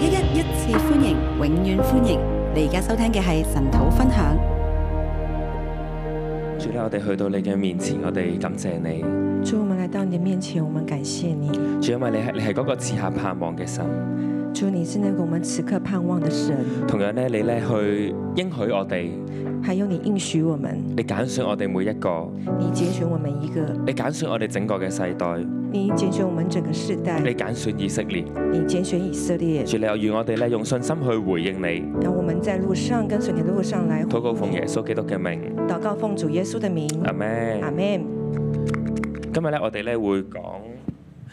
一一一次歡迎，永遠歡迎！你而家收聽嘅係晨禱分享。主啊，我哋去到你嘅面前，我哋感謝你。主，我們來到你的面前，我們感謝你，你。主，因為你係你係嗰個此刻盼望嘅神。主，你是那個我們此刻盼望嘅神。同樣呢，你咧去應許我哋。還有你應許我們。你揀選我哋每一個。你揀選我們一個。你揀選我哋整個嘅世代。你揀選我們整個世代，你揀選以色列，你揀選以色列，主你猶豫我哋咧用信心去回應你。讓我們在路上跟隨你的路上來，禱告奉耶穌基督嘅名，禱告奉主耶穌嘅名，阿門，阿門。今日咧我哋咧會講，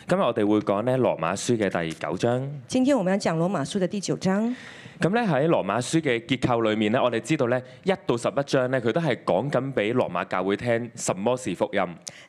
今日我哋會講咧羅馬書嘅第九章。今天我們要講羅馬書嘅第九章。咁呢喺羅馬書嘅結構裏面呢，我哋知道呢，一到十一章呢，佢都係講緊俾羅馬教會聽什麼是福音。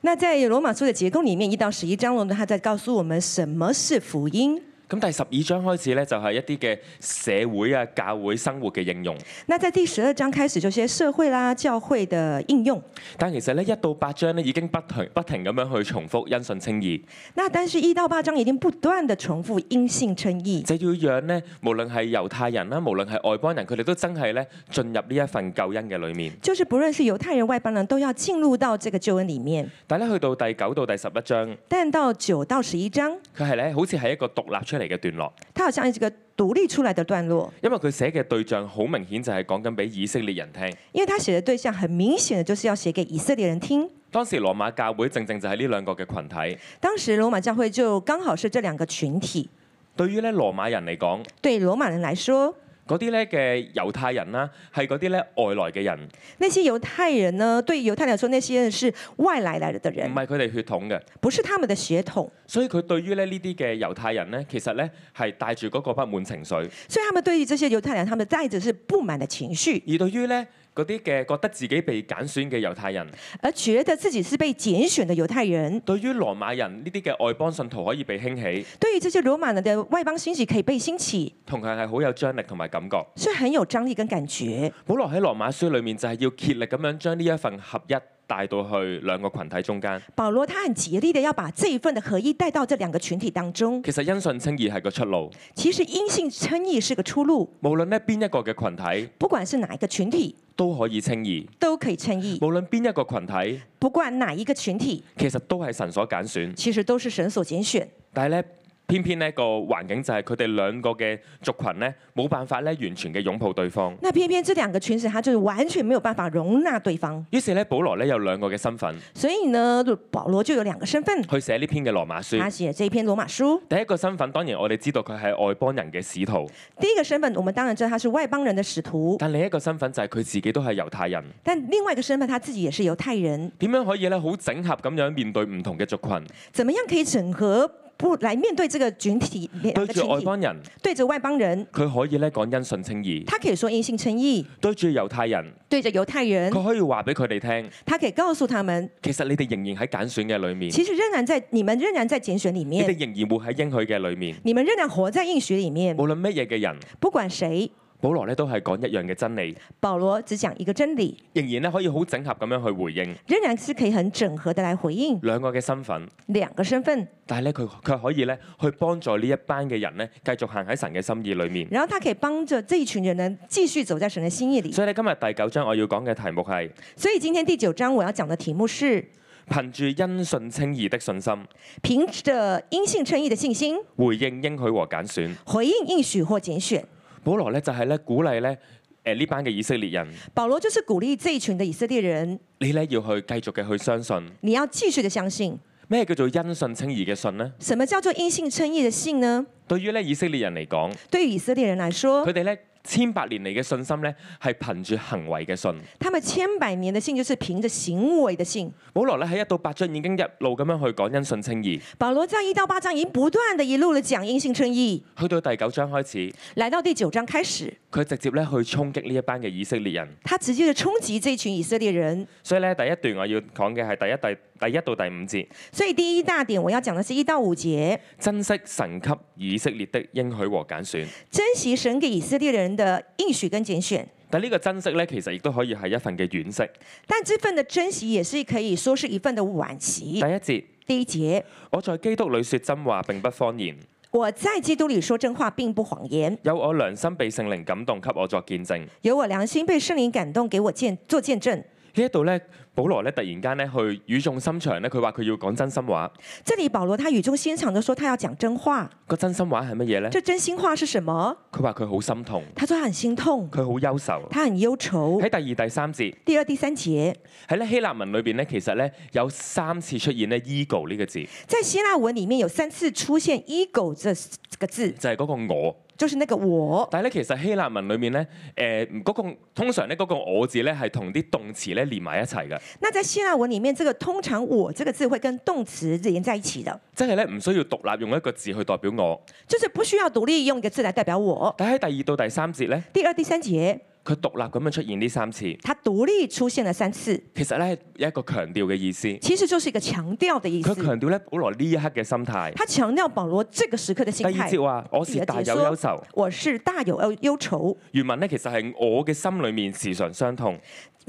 那在羅馬書嘅結構裏面，一到十一章，佢喺度告訴我們什麼是福音。咁第十二章開始咧，就係、是、一啲嘅社會啊、教會生活嘅應用。那在第十二章開始就係社會啦、啊、教會嘅應用。但其實咧，一到八章呢已經不停不停咁樣去重複因信稱義。那但係一到八章已經不斷地重複因信稱義。就要讓呢，無論係猶太人啦、啊，無論係外邦人，佢哋都真係咧進入呢一份救恩嘅裏面。就是不論是猶太人、外邦人，都要進入到這個救恩裡面。大家去到第九到第十一章，但到九到十一章，佢係咧好似係一個獨立出嚟嘅段落，他好像一個獨立出來的段落，因為佢寫嘅對象好明顯就係講緊俾以色列人聽，因為他寫嘅對象很明顯嘅就是要寫俾以色列人聽。當時羅馬教會正正就係呢兩個嘅群體，當時羅馬教會就剛好是這兩個群體。對於咧羅馬人嚟講，對羅馬人嚟說。嗰啲咧嘅猶太人啦，係嗰啲咧外來嘅人。那些猶太人呢？對於猶太人嚟講，那些人是外來來的人。唔係佢哋血統嘅，不是他們的血統。所以佢對於咧呢啲嘅猶太人咧，其實咧係帶住嗰個不滿情緒。所以他們對於這些猶太人，他們帶著是不滿的情緒。而對於咧。嗰啲嘅覺得自己被揀選嘅猶太人，而覺得自己是被揀選嘅猶太人，對於羅馬人呢啲嘅外邦信徒可以被興起，對於這些羅馬人嘅外邦興起可以被興起，同樣係好有張力同埋感覺，所以很有張力跟感覺。保羅喺羅馬書裡面就係要竭力咁樣將呢一份合一。帶到去兩個群體中間。保羅他很竭力的要把這一份的合一帶到這兩個群體當中。其實因信稱義係個出路。其實因信稱義是個出路。無論呢邊一個嘅群體。不管是哪一個群體。都可以稱義。都可以稱義。無論邊一個群體。不管哪一個群體。其實都係神所揀選。其實都是神所揀選。但係咧。偏偏呢個環境就係佢哋兩個嘅族群呢，冇辦法咧完全嘅擁抱對方。那偏偏這兩個群體，他就完全沒有辦法容納對方。於是呢，保羅呢有兩個嘅身份。所以呢，保羅就有兩個身份去寫呢篇嘅羅馬書。他寫這篇羅馬書。第一個身份當然我哋知道佢係外邦人嘅使徒。第一個身份，我們當然知道他是外邦人的使徒。但另一個身份就係佢自己都係猶太人。但另外一個身份，他自己也是猶太人。點樣可以咧好整合咁樣面對唔同嘅族群？怎麼樣可以整合？不來面對這個群體，面對外邦人，對着外邦人，佢可以咧講因信稱義，他可以說因信稱義，對住猶太人，對着猶太人，佢可以話俾佢哋聽，他可以告訴他們，其實你哋仍然喺揀選嘅裏面，其實仍然在，你們仍然在揀選裏面，你哋仍然活喺應許嘅裏面，你們仍然活在應許裏面，無論乜嘢嘅人，不管誰。保羅咧都係講一樣嘅真理。保羅只講一個真理，仍然咧可以好整合咁樣去回應。仍然是可以很整合的來回應。兩個嘅身份，兩個身份。但係咧佢佢可以咧去幫助呢一班嘅人咧繼續行喺神嘅心意裏面。然後他可以幫助這一群人呢繼續走在神嘅心意裏。所以咧今日第九章我要講嘅題目係。所以今天第九章我要講嘅題目是憑住因信稱義的信心。憑着因信稱義的信心。回應應許和揀選。回應應許或揀選。保羅咧就係咧鼓勵咧誒呢班嘅以色列人。保羅就是鼓勵這一群嘅以色列人。你咧要去繼續嘅去相信。你要繼續嘅相信。咩叫做因信稱義嘅信呢？什麼叫做因信稱義嘅信呢？對於咧以色列人嚟講，對於以色列人嚟說，佢哋咧。千百年嚟嘅信心咧，係憑住行為嘅信。他們千百年嘅信就是憑着行為嘅信。保羅咧喺一到八章已經一路咁樣去講因信稱義。保羅在一到八章已經不斷地一路咧講因信稱義。去到第九章開始。來到第九章開始。佢直接咧去衝擊呢一班嘅以色列人。他直接就衝擊這群以色列人。所以咧，第一段我要講嘅係第一第。第一到第五節，所以第一大點我要講的是一到五節。珍惜神給以色列的應許和揀選，珍惜神給以色列人的應許跟揀選。但呢個珍惜呢，其實亦都可以係一份嘅惋惜。但這份的珍惜，也是可以說是一份的惋惜。第一節，第一節，我在基督裡說真話，並不謊言。我在基督裡說真話，並不謊言。有我良心被聖靈感動，給我作見證。有我良心被聖靈感動，給我見做見證。這呢一度咧，保羅咧突然間咧去語重心長咧，佢話佢要講真心話。這裏保羅他語重心長地說，他要講真話。這個真心話係乜嘢咧？這真心話是什麼？佢話佢好心痛。他說他很心痛。佢好憂愁，他很憂愁。喺第二、第三節。第二、第三節。喺咧希臘文裏邊咧，其實咧有三次出現咧 ego 呢個字。在希臘文裏面有三次出現 ego 這這個字，就係、是、嗰個我。就是那個我，但係咧其實希臘文裏面咧，誒、呃、嗰、那個、通常咧嗰個我字咧係同啲動詞咧連埋一齊嘅。那在希臘文裡面，這個通常我這個字會跟動詞連在一起嘅，即係咧唔需要獨立用一個字去代表我，就是不需要獨立用一個字嚟代表我。但喺第二到第三節咧，第二、第三節。佢獨立咁樣出現呢三次，他獨立出現了三次。其實咧係一個強調嘅意思，其實就是一個強調嘅意思。佢強調咧，保羅呢一刻嘅心態，他強調保羅這個時刻嘅心態。第二節話，我是大有憂愁，我是大有憂憂愁。原文咧其實係我嘅心裏面時常傷痛。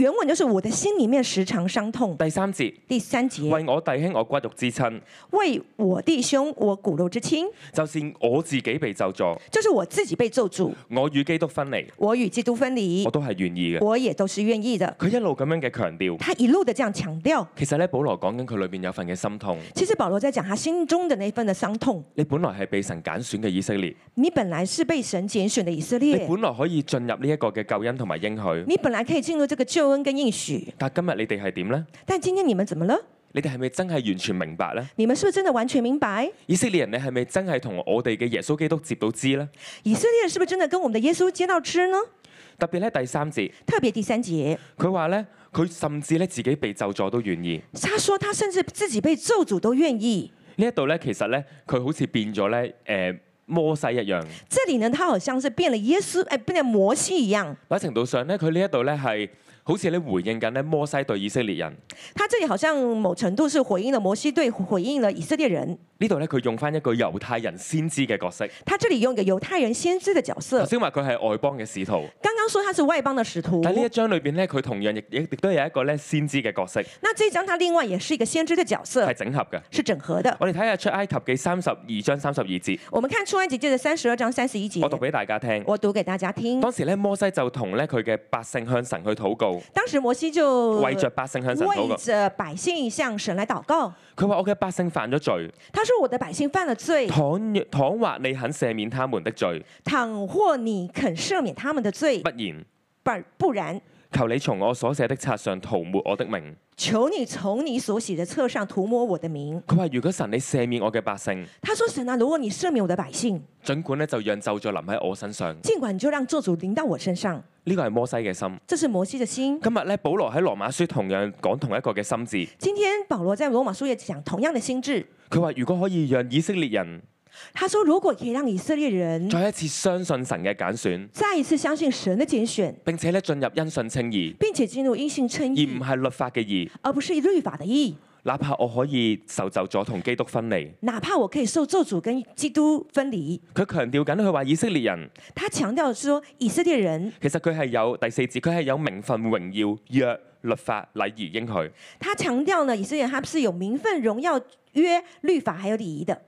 原文就是我的心裏面時常傷痛。第三節，第三節，為我弟兄我骨肉之親，為我弟兄我骨肉之親，就算我自己被咒詛，就是我自己被咒詛，我與基督分離，我與基督分離，我都係願意嘅，我也都是願意的。佢一路咁樣嘅強調，他一路的這樣強調。其實咧，保羅講緊佢裏面有份嘅心痛。其實保羅在講他心中的那份的傷痛。你本來係被神揀選嘅以色列，你本來是被神揀選的以色列，你本來可以進入呢一個嘅救恩同埋應許，你本來可以進入這個救。跟應許，但今日你哋係點咧？但今天你們怎麼了？你哋係咪真係完全明白咧？你們是不是真的完全明白？以色列人，你係咪真係同我哋嘅耶穌基督接到知咧？以色列人是不是真的跟我們的耶穌接到知呢？特別咧第三節，特別第三節，佢話咧，佢甚至咧自己被咒咗都願意。他說他甚至自己被咒詛都願意。呢一度咧，其實咧，佢好似變咗咧，誒、呃，摩西一樣。這裏呢，他好像是變了耶穌，誒、呃，變成摩西一樣。某程度上咧，佢呢一度咧係。好似咧回應緊咧摩西對以色列人。他這裏好像某程度是回應了摩西對回應了以色列人。呢度咧佢用返一個猶太人先知嘅角色。他這裡用一個猶太人先知嘅角色。頭先話佢係外邦嘅使徒，剛剛說他是外邦嘅使徒。喺呢一章裏邊咧，佢同樣亦亦都有一個咧先知嘅角色。那呢一章他另外也是一個先知嘅角色。係整合嘅，是整合嘅。我哋睇下出埃及記三十二章三十二節。我們看出埃及記三十二章三十一節。我讀俾大家聽，我讀俾大家聽。當時咧摩西就同咧佢嘅百姓向神去禱告。當時摩西就為着百姓向神、那個、為着百姓向神來禱告。佢話我嘅百姓犯咗罪。他說我的百姓犯了罪。倘若倘或你肯赦免他們的罪，倘或你肯赦免他們的罪，不然不不然。求你從我所寫的，我的，你你所的冊上塗抹我的名。求你從你所寫的冊上塗抹我的名。佢話，如果神你赦免我嘅百姓。他說神啊，如果你赦免我的百姓。儘管呢就讓咒詛臨喺我身上。儘管你就讓咒詛臨到我身上。呢、這個係摩西嘅心。這是摩西的心。今日呢，保羅喺羅馬書同樣講同一個嘅心智。今天保羅在羅馬書亦講同樣嘅心智。佢話，如果可以讓以色列人。他說：如果可以讓以色列人再一次相信神嘅揀選，再一次相信神嘅揀選，並且咧進入因信稱義，並且進入因信稱義，而唔係律法嘅義，而不是律法嘅義。哪怕我可以受咒詛同基督分離，哪怕我可以受咒詛跟基督分離。佢強調緊，佢話以色列人，他強調說以色列人，其實佢係有第四節，佢係有名分、榮耀、約、律法、禮儀應許。他強調呢，以色列人他是有名分、榮耀、約、律法，還有禮儀的。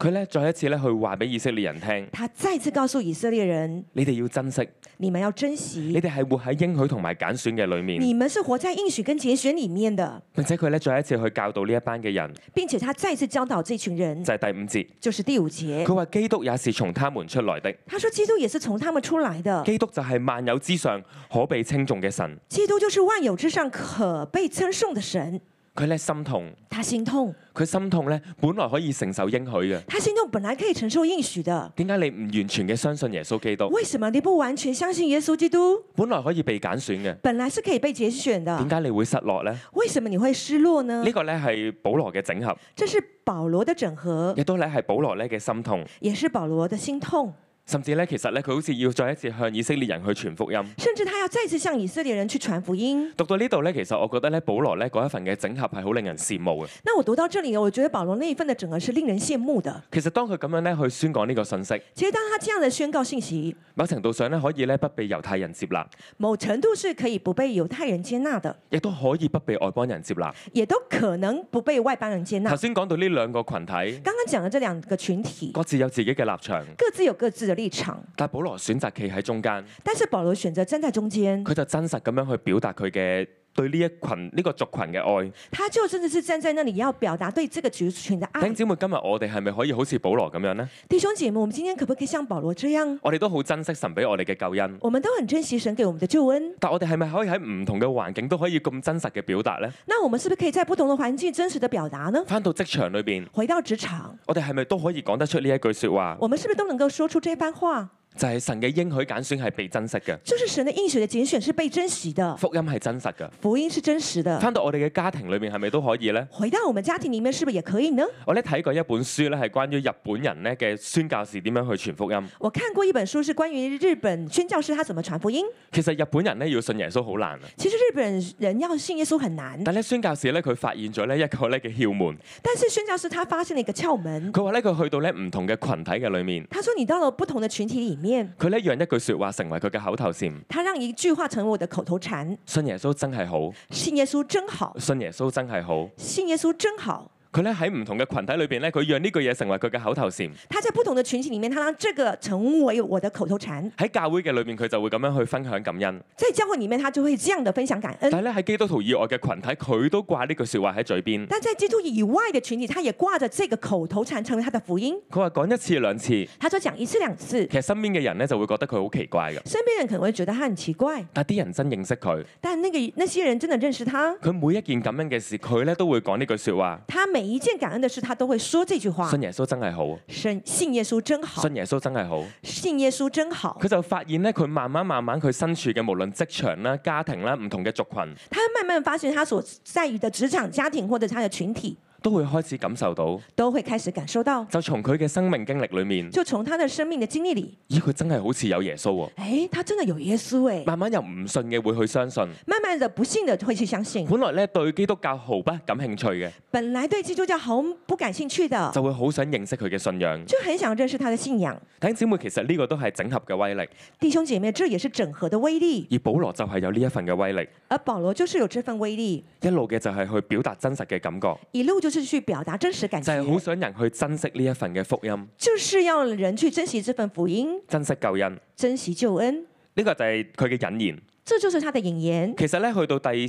佢咧再一次咧去話俾以色列人聽，他再次告訴以色列人，你哋要珍惜，你們要珍惜，你哋係活喺應許同埋揀選嘅裏面，你們是活在應許跟揀選裡面的，並且佢咧再一次去教導呢一班嘅人，並且他再次教導這群人，就係第五節，就是第五節。佢話基督也是從他們出來的，他說基督也是從他們出來的，基督就係萬有之上可被稱頌嘅神，基督就是萬有之上可被稱頌的神。佢咧心痛，他心痛，佢心痛咧，本來可以承受應許嘅，他心痛本來可以承受應許嘅。點解你唔完全嘅相信耶穌基督？為什麼你不完全相信耶穌基督？本來可以被揀選嘅，本來是可以被揀選嘅。點解你會失落咧？為什麼你會失落呢？落呢、呢個咧係保羅嘅整合，這是保羅的整合，亦都咧係保羅咧嘅心痛，也是保羅嘅心痛。甚至咧，其實咧，佢好似要再一次向以色列人去傳福音。甚至他要再次向以色列人去傳福音。讀到呢度呢，其實我覺得咧，保羅呢嗰一份嘅整合係好令人羨慕嘅。那我讀到這裡咧，我覺得保羅那一份的整合是令人羨慕的。其實當佢咁樣咧去宣講呢個信息。其實當他這樣的宣告信息，某程度上呢，可以咧不被猶太人接納。某程度是可以不被猶太人接納的。亦都可以不被外邦人接納。亦都可能不被外邦人接納。頭先講到呢兩個群體，剛剛講的這兩個群體，各自有自己嘅立場，各自有各自的。立場，但保羅選擇企喺中間，但是保羅選擇站在中間，佢就真實咁樣去表達佢嘅。對呢一群呢個族群嘅愛，他就真的是站在那裡要表達對這個族群嘅愛。弟兄姐妹，今日我哋係咪可以好似保羅咁樣呢？弟兄姐妹，我們今天可不可以像保羅這樣？我哋都好珍惜神俾我哋嘅救恩。我們都很珍惜神給我們嘅救恩。但我哋係咪可以喺唔同嘅環境都可以咁真實嘅表達呢？那我們是不是可以在不同嘅環境真實嘅表達呢？翻到職場裏邊，回到職場，我哋係咪都可以講得出呢一句說話？我們是不是都能夠說出這番話？ 就係神嘅應許揀選係被真實嘅。就是神嘅應許嘅揀選是被真實嘅。福音係真實㗎。福音是真實的。翻到我哋嘅家庭裏面係咪都可以咧？回到我們家庭裡面是不是也可以呢？我咧睇過一本書咧，係關於日本人咧嘅宣教士點樣去傳福音。我看過一本書是關於日本宣教士他怎麼傳福音。其實日本人咧要信耶穌好難啊。其實日本人要信耶穌很難。但係咧宣教士咧佢發現咗呢一個咧嘅竅門。但是宣教士他發現了一個竅門。佢話咧佢去到咧唔同嘅群體嘅裏面。他說你到了不同的羣體裡面。佢咧讓一句說話成為佢嘅口頭禪。他讓一句話成為我嘅口頭禪。信耶穌真係好。信耶穌真好。信耶穌真係好。信耶穌真好。佢咧喺唔同嘅群體裏邊咧，佢讓呢句嘢成為佢嘅口頭禪。他在不同嘅群體裏面，他讓這個成為我的口頭禪。喺教會嘅裏面，佢就會咁樣去分享感恩。在教會裏面，他就會這樣的分享感恩。但係咧喺基督徒以外嘅群體，佢都掛呢句説話喺嘴邊。但在基督以外嘅群體，他也掛着這個口頭禪，成為他的福音。佢話講一次兩次，他就講一次兩次。其實身邊嘅人咧就會覺得佢好奇怪嘅。身邊的人可能會覺得他很奇怪。但啲人真認識佢。但係那個那些人真的認識他？佢每一件感恩嘅事，佢咧都會講呢句説話。他每一件感恩的事，他都會說這句話。信耶穌真係好，信耶穌真好，信耶穌真係好，信耶穌真好。佢就發現咧，佢慢慢慢慢，佢身處嘅無論職場啦、家庭啦、唔同嘅族群，他慢慢發現，他所在意的職場、家庭或者他嘅群體。都會開始感受到，都會開始感受到。就從佢嘅生命經歷裏面，就從他的生命的經歷裏，咦佢真係好似有耶穌喎、哦。哎，他真的有耶穌哎。慢慢又唔信嘅會去相信，慢慢的不信的會去相信。慢慢相信本來咧對基督教毫不感興趣嘅，本來對基督教好不感興趣的，就會好想認識佢嘅信仰，就很想認識他的信仰。弟兄姊妹，其實呢個都係整合嘅威力。弟兄姐妹，這也是整合的威力。而保羅就係有呢一份嘅威力，而保羅就是有這份威力。一路嘅就係去表達真實嘅感覺，一路就。就是去表達真實感情，就係、是、好想人去珍惜呢一份嘅福音，就是要人去珍惜這份福音，珍惜救恩，珍惜救恩。呢、這個就係佢嘅引言，這就是他的引言。其實咧，去到第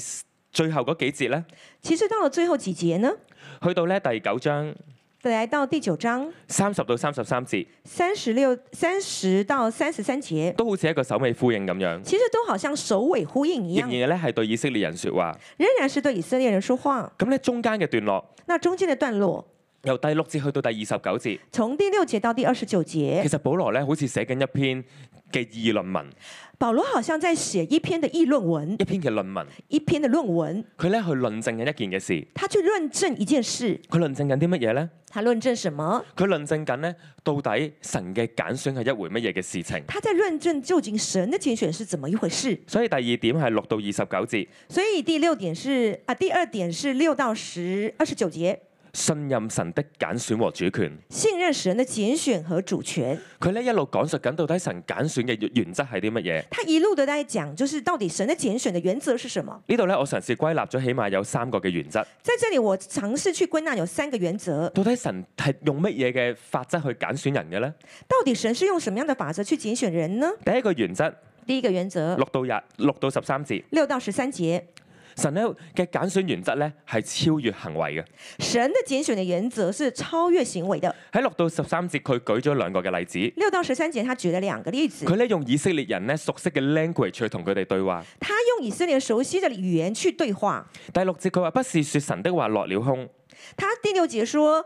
最後嗰幾節咧，其實到了最後幾節呢，去到咧第九章。來到第九章，三十到三十三節，三十六、三十到三十三節，都好似一個首尾呼應咁樣。其實都好像首尾呼應一樣，仍然咧係對以色列人說話，仍然是對以色列人說話。咁咧中間嘅段落，那中間嘅段落由第六節去到第二十九節，從第六節到第二十九節。其實保羅咧好似寫緊一篇。嘅議論文，保羅好像在寫一篇嘅議論文，一篇嘅論文，一篇嘅論文，佢咧去論證緊一件嘅事，他去論證一件事，佢論證緊啲乜嘢咧？他論證什麼？佢論證緊咧到底神嘅揀選係一回乜嘢嘅事情？他在論證究竟神嘅揀選是怎麼一回事？所以第二點係六到二十九節，所以第六點是啊，第二點是六到十二十九節。信任神的揀選和主權。信任神的揀選和主權。佢咧一路講述緊，到底神揀選嘅原則係啲乜嘢？他一路都喺度講，就是到底神嘅揀選嘅原則係什麼？呢度咧，我嘗試歸納咗起碼有三個嘅原則。在這裏，我嘗試去歸納有三個原則。到底神係用乜嘢嘅法則去揀選人嘅咧？到底神是用什麼樣嘅法則去揀選人呢？第一個原則，第一個原則，六到廿，六到十三節，六到十三節。神嘅揀選原則咧，係超越行為嘅。神嘅揀選的原則是超越行為嘅。喺六到十三節，佢舉咗兩個嘅例子。六到十三節，他舉咗兩個例子。佢咧用以色列人咧熟悉嘅 language 去同佢哋對話。他用以色列熟悉嘅語言去對話。第六節佢話：不是說神的話落了空。他第六節說。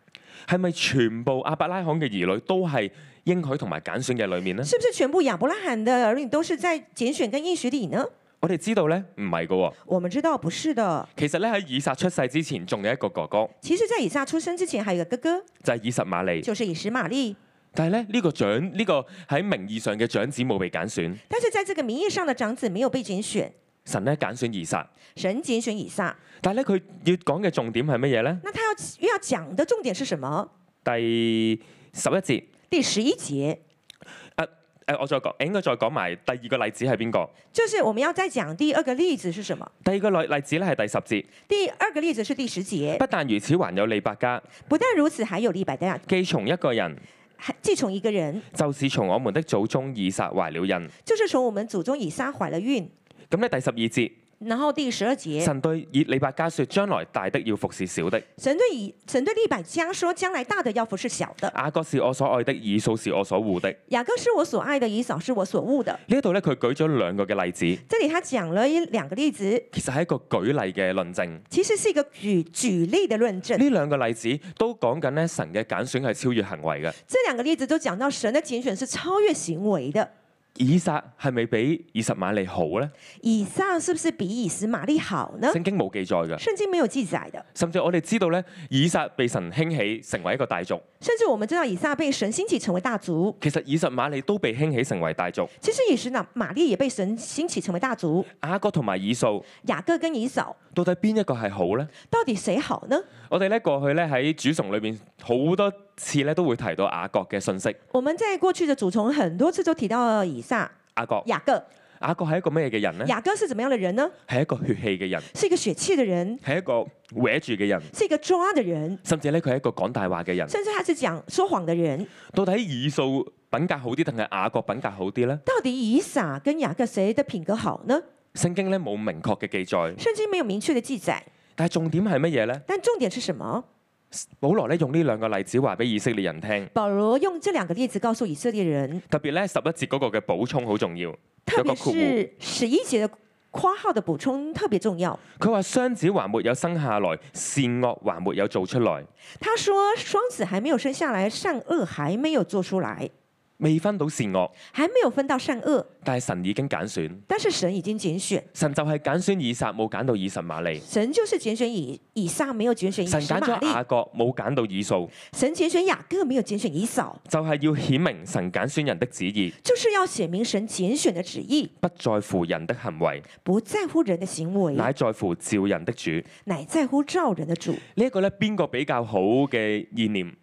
係咪全部阿伯拉罕嘅兒女都係應許同埋揀選嘅裏面呢？是不是全部亞伯拉罕嘅兒女都是在揀選跟應許裏呢？我哋知道咧，唔係噶。我們知道不是的。其實咧，喺以撒出世之前仲有一個哥哥。其實，在以撒出生之前還有一個哥哥，就係以實瑪利。就是以實瑪利。但係咧，呢個長呢個喺名義上嘅長子冇被揀選。但是，在這個名義上嘅長子沒有被揀選。神呢，揀選以撒，神揀選以撒。但係咧，佢要講嘅重點係乜嘢咧？那他要要講的重點是什麼？第十一節。第十一節。誒、啊、誒、啊，我再講，應該再講埋第二個例子係邊個？就是我們要再講第二個例子是什麼？第二個例例子咧係第十節。第二個例子是第十節。不但如此，還有利百加。不但如此，還有利百加。既從一個人，既從一個人，就是從我們的祖宗以撒懷了孕，就是從我們祖宗以撒懷了孕。咁呢，第十二節，然後第十二節，神對以利百加說，將來大的要服侍小的。神對以神對利百加說，將來大的要服侍小的。雅各是我所愛的，以掃是我所惡的。雅各是我所愛的，以掃是我所惡的。呢度呢，佢舉咗兩個嘅例子。這裡他講了一兩個例子，其實係一個舉例嘅論證。其實是一個舉舉例嘅論證。呢兩個例子都講緊呢，神嘅揀選係超越行為嘅。這兩個例子都講到神嘅揀選是超越行為嘅。以撒係咪比以實瑪利好咧？以撒是不是比以實瑪利好呢？聖經冇記載嘅。聖經沒有記載的。甚至我哋知道咧，以撒被神興起成為一個大族。甚至我們知道以撒被神興起成為大族。其實以實瑪利都被興起成為大族。其實以實瑪利也被神興起成為大族。雅各同埋以掃。雅各跟以掃。到底邊一個係好咧？到底誰好呢？我哋咧，過去咧喺主崇裏邊好多次咧都會提到雅各嘅信息。我們在過去的主從很多次都提到以撒、雅各、雅各。雅各係一個咩嘅人呢？雅各係怎麼樣嘅人呢？係一個血氣嘅人，是一個血氣嘅人，係一個握住嘅人，是一個抓嘅人，甚至呢，佢係一個講大話嘅人，甚至佢係講說謊嘅人。到底以掃品格好啲，定係雅各品格好啲呢？到底以撒跟雅各誰的品格好呢？聖經呢冇明確嘅記載，聖經沒有明確嘅記、記載。但係重點係乜嘢呢？但重點是什麼？保羅咧用呢兩個例子話俾以色列人聽。保羅用這兩個例子告訴以色列人，特別咧十一節嗰個嘅補充好重要，有個括弧。特別是十一節括號的補充特別重要。佢話雙子還沒有生下來，善惡還沒有做出來。他說雙子還沒有生下來，善惡還沒有做出來。未分到善惡，還沒有分到善惡。但係神已經揀選，但是神已經揀選。神就係揀選以撒，冇揀到以實瑪利。神就是揀選以以撒，沒有揀選以實瑪利。神揀選雅各，冇揀到以掃。神揀選雅各，沒有揀選以掃。就係、是、要顯明神揀選人的旨意，就是要顯明神揀選嘅旨意。不在乎人的行為，不在乎人的行為，乃在乎召人的主，乃在乎召人的主。這個、呢一個咧，邊個比較好嘅意念？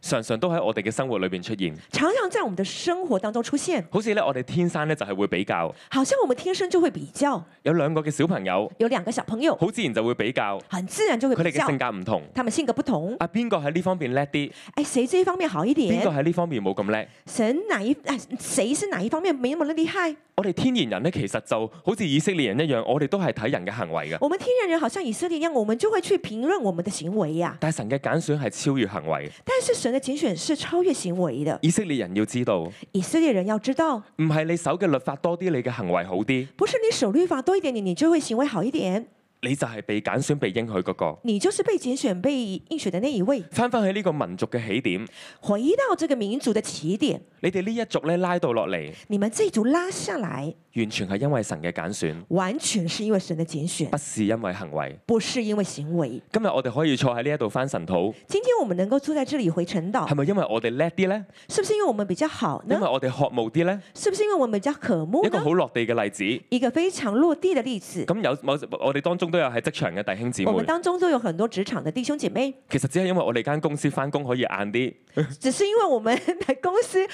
常常都喺我哋嘅生活裏邊出現，常常在我們嘅生活當中出現。好似咧，我哋天生咧就係會比較，好像我們天生就會比較。有兩個嘅小朋友，有兩個小朋友，好自然就會比較，很自然就會比較。佢哋嘅性格唔同，他們性格不同。啊，邊個喺呢方面叻啲？誒，誰呢一方面好一點？邊個喺呢方面冇咁叻？神哪一誒、啊？誰是哪一方面沒那麼厲害？我哋天然人咧，其實就好似以色列人一樣，我哋都係睇人嘅行為㗎。我們天然人好像以色列一樣，我們就會去評論我們嘅行為啊。但係神嘅揀選係超越行為。但是人的揀選是超越行為的，以色列人要知道，以色列人要知道，唔係你守嘅律法多啲，你嘅行為好啲，不是你守律法多一點，你你就會行為好一點。你就係被揀選被應許嗰個，你就是被揀選被應許的那一位。翻翻去呢個民族嘅起點，回到這個民族嘅起點。你哋呢一族咧拉到落嚟，你們這族拉下來，完全係因為神嘅揀選，完全是因為神嘅揀選，不是因為行為，不是因為行為。今日我哋可以坐喺呢一度翻晨禱，今天我們能夠坐在這裏回晨禱，係咪因為我哋叻啲咧？是不是因為我們比較好呢？係咪因為我哋渴慕啲咧？是不是因為我們比較渴慕？一個好落地嘅例子，一個非常落地嘅例子。咁有某我哋當中。都有喺職場嘅弟兄姊妹，我們當中都有很多職場嘅弟兄姐妹。其實只係因為我哋間公司翻工，可以晏啲，只是因為我們公司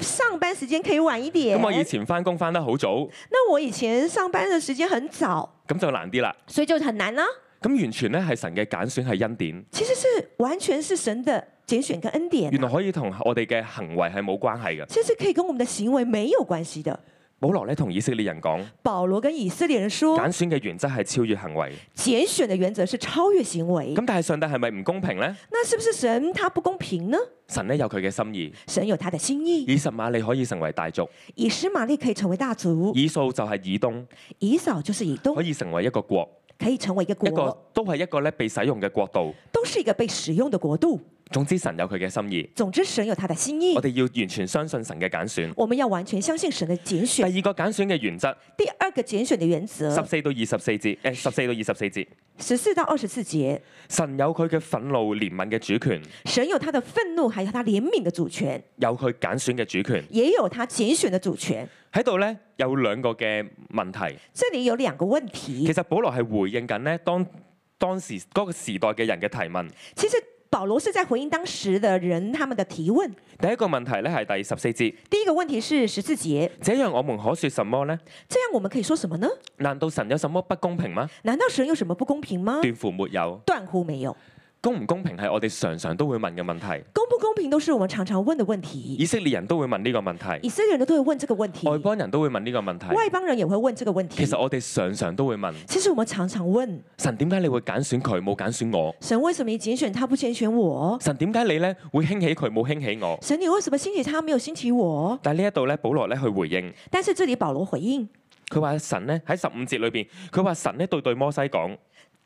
上班時間可以晚一點。咁我以前翻工翻得好早，那我以前上班嘅時間很早，咁就難啲啦，所以就很難啦。咁完全呢係神嘅揀選係恩典，其實是完全是神嘅揀選跟恩典啊。原來可以同我哋嘅行為係冇關係嘅，其實可以跟我們嘅行為沒有關係的。保羅咧同以色列人講，保羅跟以色列人說，揀選嘅原則係超越行為。揀選嘅原則是超越行為。咁但係上帝係咪唔公平咧？那是不是神他不公平呢？神咧有佢嘅心意。神有他的心意。以實瑪利可以成為大族。以實瑪利可以成為大族。以掃就係以東。以掃就是以東。可以成為一個國可以成為一個國，一個都係一個咧被使用嘅國度，都是一個被使用嘅國度。總之神有佢嘅心意，總之神有他嘅心意。我哋要完全相信神嘅揀選，我們要完全相信神嘅揀選。第二個揀選嘅原則，第二個揀選嘅原則，十四到二十四節，誒，十四到二十四節，十四到二十四節。神有佢嘅憤怒憐憫嘅主權，神有他嘅憤怒，還有他憐憫的主權，有佢揀選嘅主權，也有他揀選嘅主權。喺度咧有兩個嘅問題，這裏有兩個問題。其實保羅係回應緊呢當當時嗰個時代嘅人嘅提問。其實保羅是在回應當時的人，他們的提問。第一個問題咧係第十四節。第一個問題是十四節。這樣我們可說什麼呢？這樣我們可以說什麼呢？難道神有什麼不公平嗎？難道神有什麼不公平嗎？斷乎沒有。斷乎沒有。公唔公平係我哋常常都會問嘅問題。公不公平都是我們常常問的問題。以色列人都會問呢個問題。以色列人都會問呢個問題。外邦人都會問呢個問題。外邦人也會問這個問題。其實我哋常常都會問。其實我們常常問。神，點解你會揀選佢，冇揀選我？神，為什麼你揀選他不揀選我？神，點解你咧會興起佢，冇興起我？神，你為什麼興起他沒有興起我？但係呢一度咧，保羅咧去回應。但是這裏保羅回應，佢話神咧喺十五節裏邊，佢話神咧對對摩西講。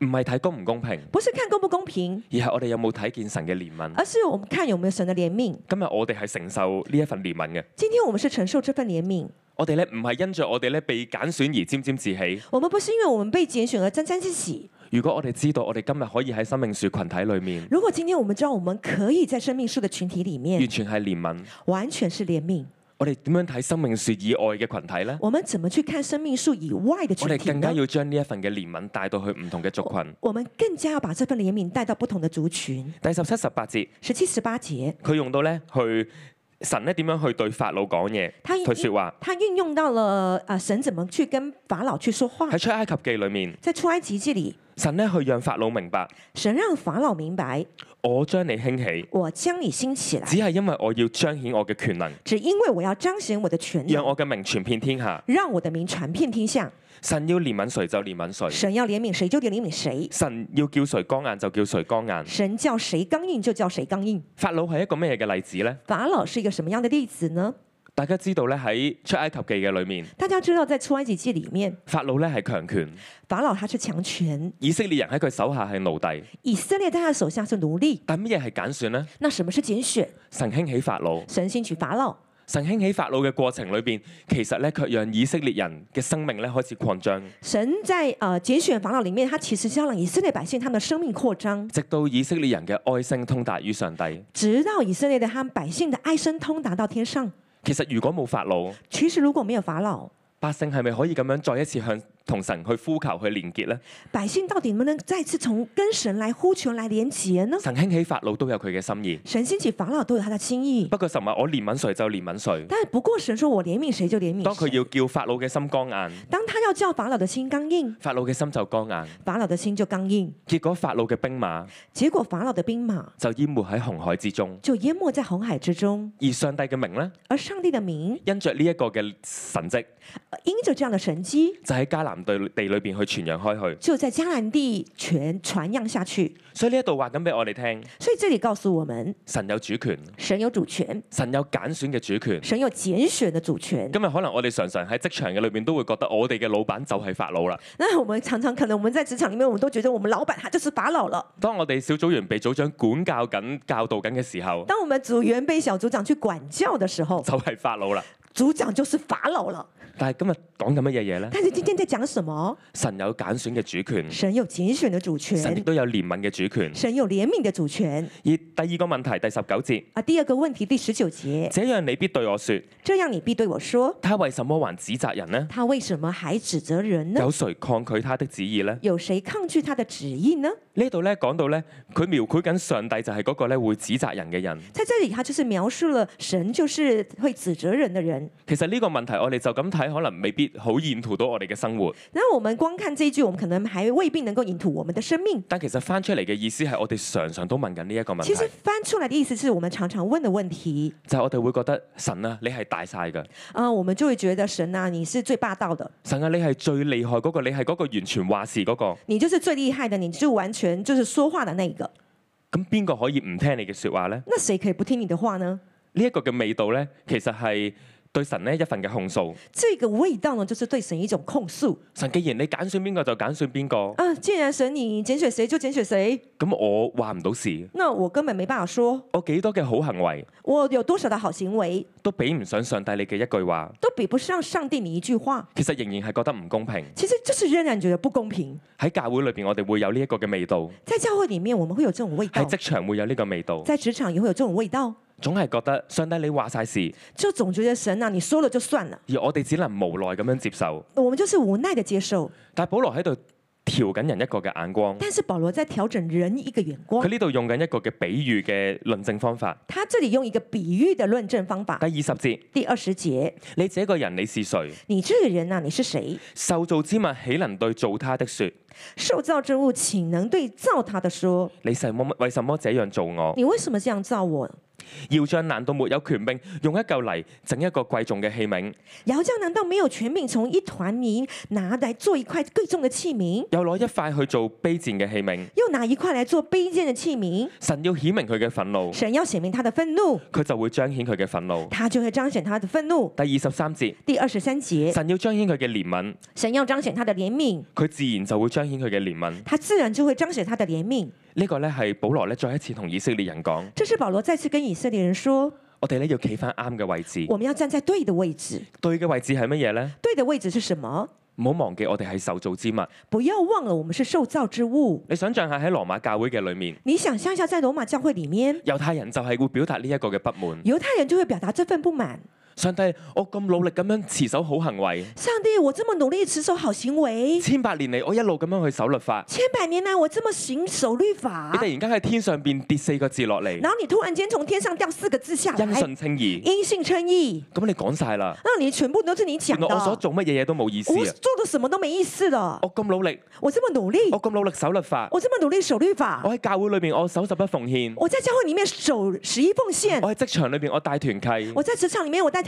唔係睇公唔公平，不是看公不公平，而係我哋有冇睇見神嘅憐憫。而是我們看有沒有神嘅憐憫。今日我哋係承受呢一份憐憫嘅。今天我們是承受這份憐憫。我哋咧唔係因着我哋咧被揀選而沾沾自喜。我們不是因為我們被揀選而沾沾自喜。如果我哋知道我哋今日可以喺生命樹群體裏面，如果今天我們知道我們可以在生命樹的群體裏面，完全係憐憫，完全是憐憫。我哋點樣睇生命樹以外嘅群體咧？我們怎麼去看生命樹以外的群體呢？我哋更加要將呢一份嘅憐憫帶到去唔同嘅族群我。我們更加要把這份憐憫帶到不同嘅族群。第十七、十八節。十七、十八節。佢用到咧，去神咧點樣去對法老講嘢？佢說話。他運用到了啊，神怎麼去跟法老去說話？喺出埃及記裏面，在出埃及記裏。神呢去讓法老明白，神讓法老明白，我將你興起，我將你興起來，只係因為我要彰顯我嘅權能，只因為我要彰顯我嘅權能，讓我嘅名傳遍天下，讓我嘅名傳遍天下。神要憐憫誰就憐憫誰，神要憐憫誰就憐憫誰，神要叫誰剛硬，就叫誰剛硬；神叫誰剛硬就叫誰剛硬。法老係一個咩嘢嘅例子呢？法老是一個什麼樣嘅例子呢？大家知道咧喺出埃及記嘅裏面，大家知道在出埃及記裏面，法老咧係強權，法老他是強權，以色列人喺佢手下係奴隸，以色列在他手下是奴隸。咁乜嘢係揀選呢？那什麼是揀選？神興起法老，神興起法老，神興起法老嘅過程裏邊，其實咧卻讓以色列人嘅生命咧開始擴張。神在誒揀選法老裏面，他其實是要讓以色列百姓，他們嘅生命擴張，直到以色列人嘅哀聲通達於上帝，直到以色列嘅他們百姓嘅哀聲通達到天上。其實如果冇法老，其實如果沒有法老，百姓係咪可以咁樣再一次向？同神去呼求去連結咧，百姓到底能不能再次從跟神來呼求來連結呢？神興起法老都有佢嘅心意，神興起法老都有他嘅心意。不過神話我憐憫誰就憐憫誰，但係不過神說我憐憫誰就憐憫。當佢要叫法老嘅心剛硬，當他要叫法老嘅心剛硬，法老嘅心就剛硬，法老嘅心就剛硬。結果法老嘅兵馬，結果法老嘅兵馬就淹沒喺紅海之中，就淹沒在紅海之中。而上帝嘅名呢？而上帝嘅名因着呢一個嘅神蹟，因着這樣的神蹟，就喺迦南。對地裏邊去傳揚開去，就在迦南地全傳揚下去。所以呢一度話緊俾我哋聽，所以這裏告訴我們，神有主權，神有主權，神有揀選嘅主權，神有揀選嘅主權。今日可能我哋常常喺職場嘅裏邊都會覺得我哋嘅老闆就係法老啦。那我們常常可能我們在職場裏面，我們都覺得我們老闆他就是法老了。當我哋小組員被組長管教緊、教導緊嘅時候，當我們組員被小組長去管教的時候，就係法老啦。組長就是法老了。但係今日講緊乜嘢嘢咧？但是今天在講什麼？神有揀選嘅主權。神有揀選嘅主權。神亦都有憐憫嘅主權。神有憐憫的主權。而第二個問題，第十九節。啊，第二個問題，第十九節。這樣你必對我說。這樣你必對我說。他為什麼還指責人呢？他為什麼還指責人呢？有誰抗拒他的旨意呢？有誰抗拒他的旨意呢？呢度咧講到咧。佢描繪緊上帝就係嗰個咧會指責人嘅人。喺這裡，他就是描述了神就是會指責人嘅人。其實呢個問題，我哋就咁睇，可能未必好引圖到我哋嘅生活。然後我們光看這一句，我們可能還未必能夠引圖我們的生命。但其實翻出嚟嘅意思係我哋常常都問緊呢一個問題。其實翻出嚟嘅意思係我們常常問嘅問題。就係、是、我哋會覺得神啊，你係大晒㗎。啊、呃，我們就會覺得神啊，你是最霸道的。神啊，你係最厲害嗰、那個，你係嗰個完全話事嗰、那個。你就是最厲害的，你就完全就是說話的那一、個。咁邊個可以唔聽你嘅說話咧？那誰可以不聽你的話呢？呢、這、一個嘅味道咧，其實係。對神呢一份嘅控訴，這個味道呢，就是對神一種控訴。神既然你揀選邊個就揀選邊個。啊、呃，既然神你揀選誰就揀選誰。咁我話唔到事。那我根本沒辦法說。我幾多嘅好行為？我有多少的好行為？都比唔上上帝你嘅一句話。都比不上上帝你一句話。其實仍然係覺得唔公平。其實就是仍然覺得不公平。喺教會裏邊，我哋會有呢一個嘅味道。在教會裏面，我們會有這種味道。喺職場會有呢個味道。在職場也會有這種味道。總係覺得上帝，你話晒事，就總覺得神啊，你說了就算了，而我哋只能無奈咁樣接受。我們就是無奈的接受。但保羅喺度調緊人一個嘅眼光，但是保羅在調整人一個眼光。佢呢度用緊一個嘅比喻嘅論證方法。他這裡用一個比喻嘅論證方法。第二十節，第二十節，你這個人你是誰？你這個人啊，你是誰？受造之物豈能對造他的說？受造之物豈能對造他的說？你為什麼為什麼這樣做我？你為什麼這樣造我？窯匠難道沒有權柄用一嚿泥整一個貴重嘅器皿？窯匠難道沒有權柄從一團泥拿來做一塊貴重嘅器皿？又攞一塊去做卑賤嘅器皿？又拿一塊來做卑賤嘅器皿？神要顯明佢嘅憤怒，神要顯明他的憤怒，佢就會彰顯佢嘅憤怒，他就會彰顯他的憤怒。第二十三節，第二十三節，神要彰顯佢嘅憐憫，神要彰顯他的憐憫，佢自然就會彰顯佢嘅憐憫，他自然就會彰顯他的憐憫。呢、這個咧係保羅咧再一次同以色列人講，這是保羅再次跟以色列人說，我哋咧要企返啱嘅位置，我們要站在對的位置，對嘅位置係乜嘢咧？對嘅位置是什麼？唔好忘記我哋係受造之物，不要忘了我們是受造之物。你想象下喺羅馬教會嘅裏面，你想象下在羅馬教會裏面，猶太人就係會表達呢一個嘅不滿，猶太人就會表達這份不滿。上帝，我咁努力咁樣持守好行為。上帝，我這麼努力持守好行為。千百年嚟，我一路咁樣去守律法。千百年來，我這麼行守律法。你突然間喺天上邊跌四個字落嚟。然後你突然間從天上掉四個字下嚟。因信稱義。因、哎、信稱義。咁你講晒啦。嗱，你全部都是你講。原來我所做乜嘢嘢都冇意思。做到什麼都沒意思了。我咁努力。我這麼努力。我咁努力守律法。我這麼努力守律法。我喺教會裏面，我守十一奉獻。我在教會裏面守十一奉獻。我喺職場裏面，我帶團契。我在職場裏面我帶團。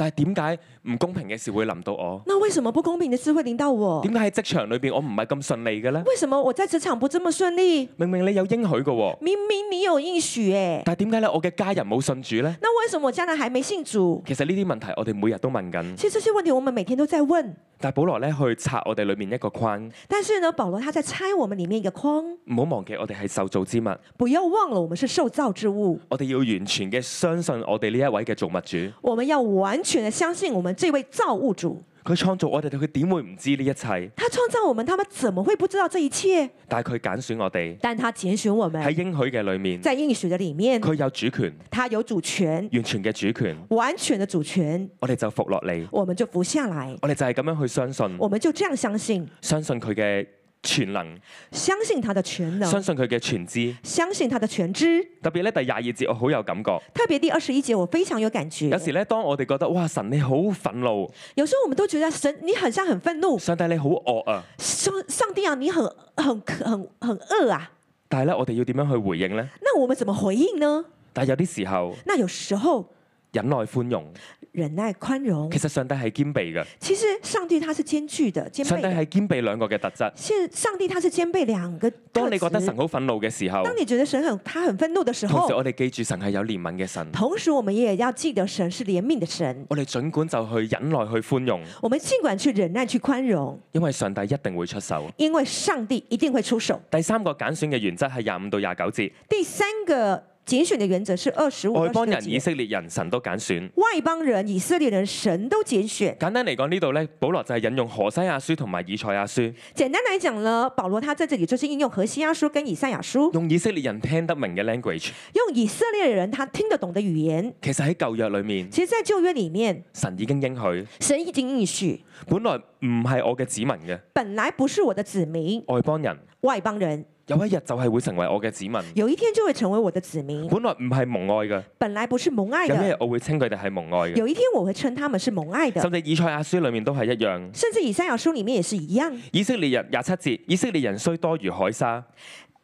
但係點解唔公平嘅事會臨到我？那為什麼不公平嘅事會臨到我？點解喺職場裏邊我唔係咁順利嘅呢？為什麼我在職場不這麼順利？明明你有應許嘅喎。明明你有應許。但係點解呢？我嘅家人冇信主呢？那為什麼我家人還沒信主？其實呢啲問題我哋每日都問緊。其實這些問題我們每天都在問。但係保羅呢去拆我哋裏面一個框。但是呢，保羅他在拆我們裡面一個框。唔好忘記我哋係受造之物。不要忘了我們是受造之物。我哋要完全嘅相信我哋呢一位嘅造物主。我們要完。選擇相信我們這位造物主，佢創造我哋，佢點會唔知呢一切？他創造我們，他們怎麼會不知道這一切？但係佢揀選我哋，但他揀選我們喺應許嘅裏面，在應許嘅裏面，佢有主權，他有主權，完全嘅主權，完全的主權，我哋就服落嚟，我們就服下來，我哋就係咁樣去相信，我們就這樣相信，相信佢嘅。全能，相信他的全能，相信佢嘅全知，相信他的全知。特別咧，第廿二節我好有感覺。特別第二十一節我非常有感覺。有時咧，當我哋覺得，哇，神你好憤怒。有時候我們都覺得神你很像很憤怒，上帝你好惡啊，上上帝啊，你很很很很惡啊。但係咧，我哋要點樣去回應咧？那我們怎麼回應呢？但係有啲時候，那有時候忍耐寬容。忍耐寬容，其實上帝係兼備嘅。其實上帝他是兼具的，兼。上帝係兼備兩個嘅特質。現上帝他是兼備兩個。當你覺得神好憤怒嘅時候，當你覺得神很他很憤怒嘅時候，同時我哋記住神係有憐憫嘅神。同時我們也要記得神是憐憫嘅神。我哋盡管就去忍耐去寬容。我們盡管去忍耐去寬容，因為上帝一定會出手。因為上帝一定會出手。第三個揀選嘅原則係廿五到廿九節。第三個。揀選的原則是二十五個，外邦人、以色列人神都揀選。外邦人、以色列人神都揀選。簡單嚟講呢度呢，保羅就係引用何西阿書同埋以賽亞書。簡單嚟講呢，保羅他在這裏就是應用何西阿書跟以賽亞書。用以色列人聽得明嘅 language。用以色列人他聽得懂的語言。其實喺舊約裏面。其實，在舊約裏面，神已經應許。神已經應許。本來唔係我嘅子民嘅。本來不是我的子民。外邦人。外邦人。有一日就係會成為我嘅子民，有一天就會成為我嘅子民。本來唔係蒙愛嘅，本來不是蒙愛嘅。有咩我會稱佢哋係蒙愛嘅？有一天我會稱他們是蒙愛的。甚至以賽亞書裏面都係一樣，甚至以賽亞書裏面也是一樣。以色列人廿七節，以色列人雖多如海沙。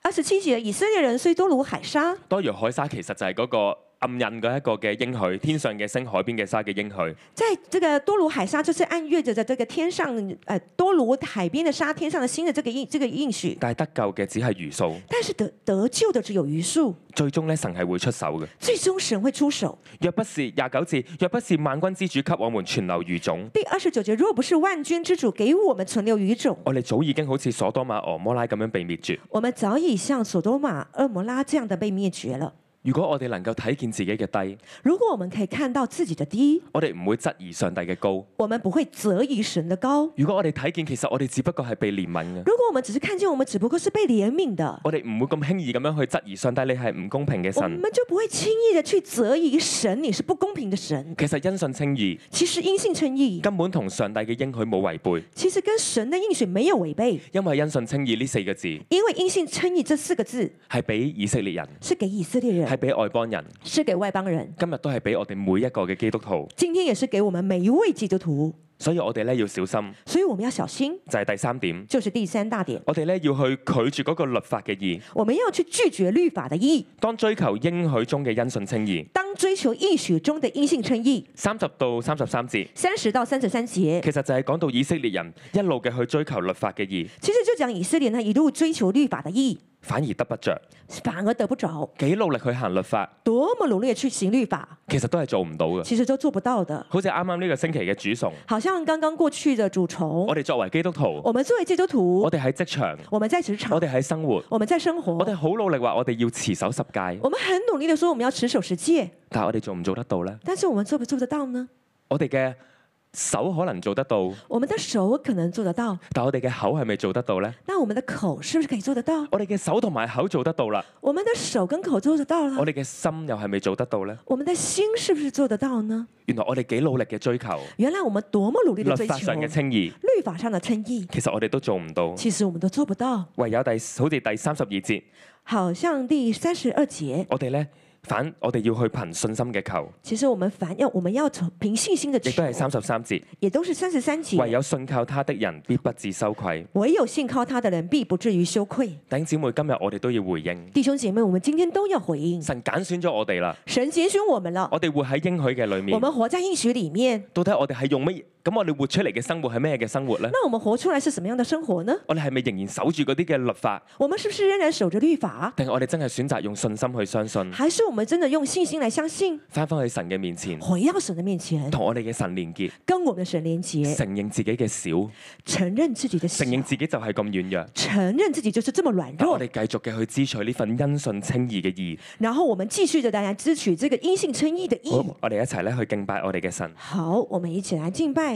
二十七節，以色列人雖多如海沙，多如海沙其實就係嗰個。暗印嘅一個嘅應許，天上嘅星，海邊嘅沙嘅應許。即係這個多魯海沙，就是按約着的這個天上誒、呃，多魯海邊嘅沙，天上嘅星嘅這個應這個應許。但係得救嘅只係餘數。但是得救是但是得，得救嘅只有餘數。最終呢神係會出手嘅。最終神會出手。若不是廿九節，若不是萬軍之主給我們存留餘種。第二十九節，若不是萬軍之主給我們存留餘種，我哋早已經好似所多瑪、俄摩拉咁樣被滅絕。我們早已像所多瑪、俄摩拉這樣的被滅絕了。如果我哋能夠睇見自己嘅低，如果我們可以看到自己嘅低，我哋唔會質疑上帝嘅高，我們不會質疑神嘅高。如果我哋睇見，其實我哋只不過係被憐憫嘅。如果我們只是看見，我們只不過是被憐憫的。我哋唔會咁輕易咁樣去質疑上帝，你係唔公平嘅神。我們就不會輕易的去質疑神，你是不公平嘅神。其實因信稱義，其實因信稱義根本同上帝嘅應許冇違背，其實跟神嘅應許沒有違背，因為因信稱義呢四個字，因為因信稱義這四個字係俾以色列人，是給以色列人。俾外邦人，是給外邦人。今日都係俾我哋每一個嘅基督徒。今天也是給我們每一位基督徒。所以我哋咧要小心。所以我們要小心。就係、是、第三點，就是第三大點。我哋咧要去拒絕嗰個律法嘅義。我們要去拒絕律法嘅義。當追求應許中嘅因信稱義。當追求應許中嘅因信稱義。三十到三十三節。三十到三十三節。其實就係講到以色列人一路嘅去追求律法嘅義。其實就講以色列人一路追求律法嘅義。反而得不着，反而得不着。幾努力去行律法，多麼努力去行律法，其實都係做唔到嘅。其實都做不到的。好似啱啱呢個星期嘅主崇，好像剛剛過去的主崇。我哋作為基督徒，我們作為基督徒，我哋喺職場，我們在職場，我哋喺生活，我們在生活，我哋好努力話我哋要持守十戒，我們很努力的說我們要持守十戒，但係我哋做唔做得到呢？但是我們做不做得到呢？我哋嘅。手可能做得到，我們的手可能做得到。但我哋嘅口係咪做得到呢？那我們的口是不是可以做得到？我哋嘅手同埋口做得到啦。我們的手跟口做得到了。我哋嘅心又係咪做得到呢？我們的心是不是做得到呢？原來我哋幾努力嘅追求，原來我們多麼努力嘅追求。律法上嘅稱義，律法上的稱義，其實我哋都做唔到。其實我們都做不到。唯有第好似第三十二節，好像第三十二節，我哋咧。反我哋要去憑信心嘅求。其實我們反而要我們要憑信心嘅求。亦都係三十三節。亦都是三十三節。唯有信靠他的人必不至羞愧。唯有信靠他的人必不至於羞愧。弟兄姐妹，今日我哋都要回應。弟兄姐妹，我們今天都要回應。神揀選咗我哋啦。神揀選我們啦。我哋會喺應許嘅裏面。我們活在應許裏面。到底我哋係用乜咁我哋活出嚟嘅生活係咩嘅生活咧？那我們活出來是什麼樣嘅生活呢？我哋係咪仍然守住嗰啲嘅律法？我們是不是仍然守着律法？定係我哋真係選擇用信心去相信？還是我們真的用信心來相信？翻返去神嘅面前，回到神嘅面前，同我哋嘅神連結，跟我哋嘅神連結，承認自己嘅小，承認自己嘅小，承認自己就係咁軟弱，承認自己就是這麼軟弱。我哋繼續嘅去支取呢份因信稱義嘅義，然後我們繼續就大家支取這個因信稱義嘅義。好，我哋一齊咧去敬拜我哋嘅神。好，我們一起來敬拜。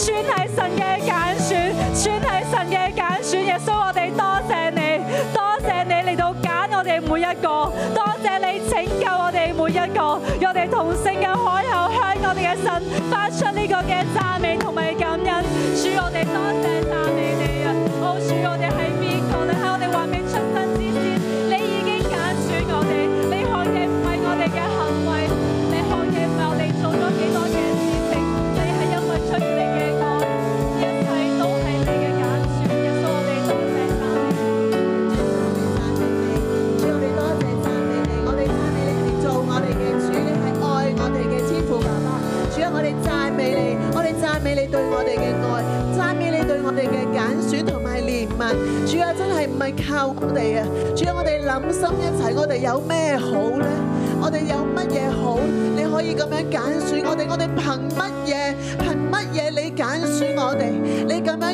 算係神嘅揀選，算係神嘅揀選，耶穌我哋多謝你，多謝你嚟到揀我哋每一個，多謝你拯救我哋每一個，讓我哋同聲嘅開口向我哋嘅神發出呢個嘅讚美同埋感恩。主，哦、我哋多謝讚美你啊！我主，我哋係邊個咧？對我哋嘅愛，讚美你對我哋嘅揀選同埋憐憫，主啊，真係唔係靠我哋啊！主要我哋諗心一齊，我哋有咩好咧？我哋有乜嘢好？你可以咁樣揀選我，我哋，我哋憑乜嘢？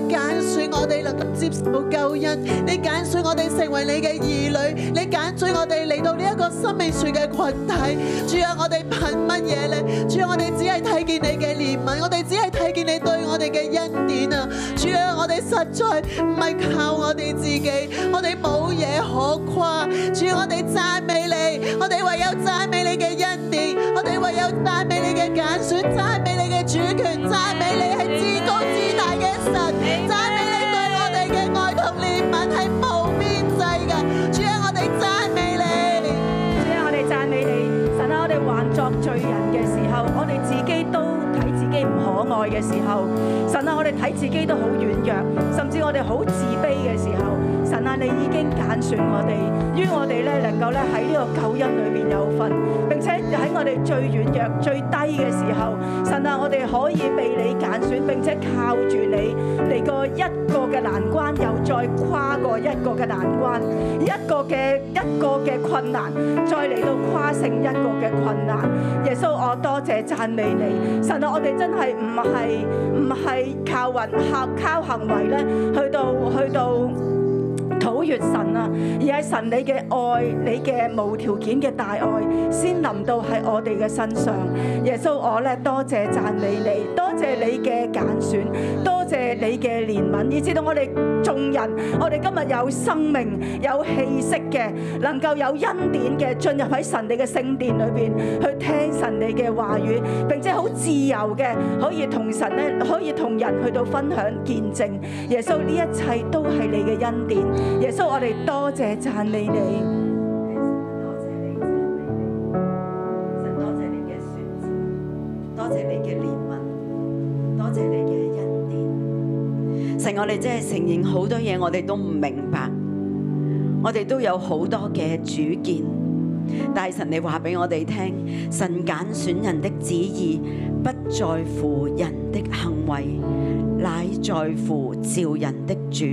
揀選我哋能夠接受救恩，你揀選我哋成為你嘅兒女，你揀選我哋嚟到呢一個生命樹嘅群體。主啊，我哋憑乜嘢咧，主啊，我哋只係睇見你嘅憐憫，我哋只係睇見你對我哋嘅恩典啊！主啊，我哋實在唔係靠我哋自己，我哋冇嘢可誇。主啊，我哋讚美你，我哋唯有讚美你嘅恩典，我哋唯有讚美你嘅揀選，讚美你嘅主權，讚美你。罪人嘅時候，我哋自己都睇自己唔可愛嘅時候，神啊，我哋睇自己都好軟弱，甚至我哋好自卑嘅時候。神啊，你已經揀選我哋，于我哋咧能夠咧喺呢個救恩裏邊有份，並且喺我哋最軟弱、最低嘅時候，神啊，我哋可以被你揀選，並且靠住你嚟過一個嘅難關，又再跨過一個嘅難關，一個嘅一個嘅困難，再嚟到跨勝一個嘅困難。耶穌，我多謝讚美你。神啊，我哋真係唔係唔係靠運、客、靠行為咧，去到去到。好越，神啊，而係神你嘅愛，你嘅無條件嘅大愛，先臨到喺我哋嘅身上。耶穌我咧多謝讚美你，多謝你嘅揀選，多謝你嘅憐憫，以致到我哋眾人，我哋今日有生命有氣息嘅，能夠有恩典嘅進入喺神你嘅聖殿裏邊，去聽神你嘅話語，並且好自由嘅可以同神咧，可以同人去到分享見證。耶穌呢一切都係你嘅恩典。耶穌，我哋多謝讚美你。神，多謝你嘅選擇，多謝你嘅憐憫，多謝你嘅恩典。神，我哋真係承認好多嘢，我哋都唔明白，我哋都有好多嘅主見。大神，你話俾我哋聽，神揀選人的旨意，不在乎人的行為，乃在乎召人的主。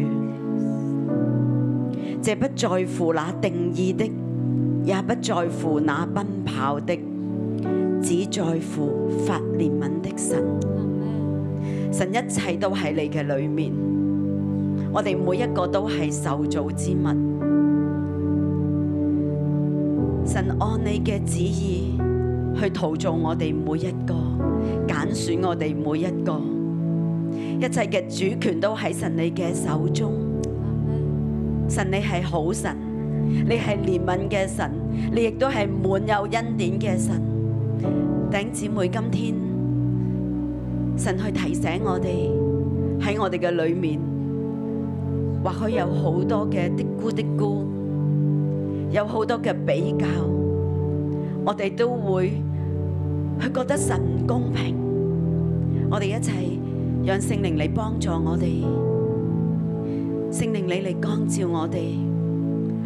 這不在乎那定意的，也不在乎那奔跑的，只在乎發憐憫的神。神，一切都喺你嘅裏面，我哋每一個都係受造之物。神按你嘅旨意去造作我哋每一個，揀選我哋每一個，一切嘅主權都喺神你嘅手中。神，你係好神，你係憐憫嘅神，你亦都係滿有恩典嘅神。頂姊妹，今天神去提醒我哋喺我哋嘅裏面，或許有好多嘅嘀咕嘀咕，有好多嘅比較，我哋都會去覺得神唔公平。我哋一齊，讓聖靈嚟幫助我哋。聖靈你嚟光照我哋，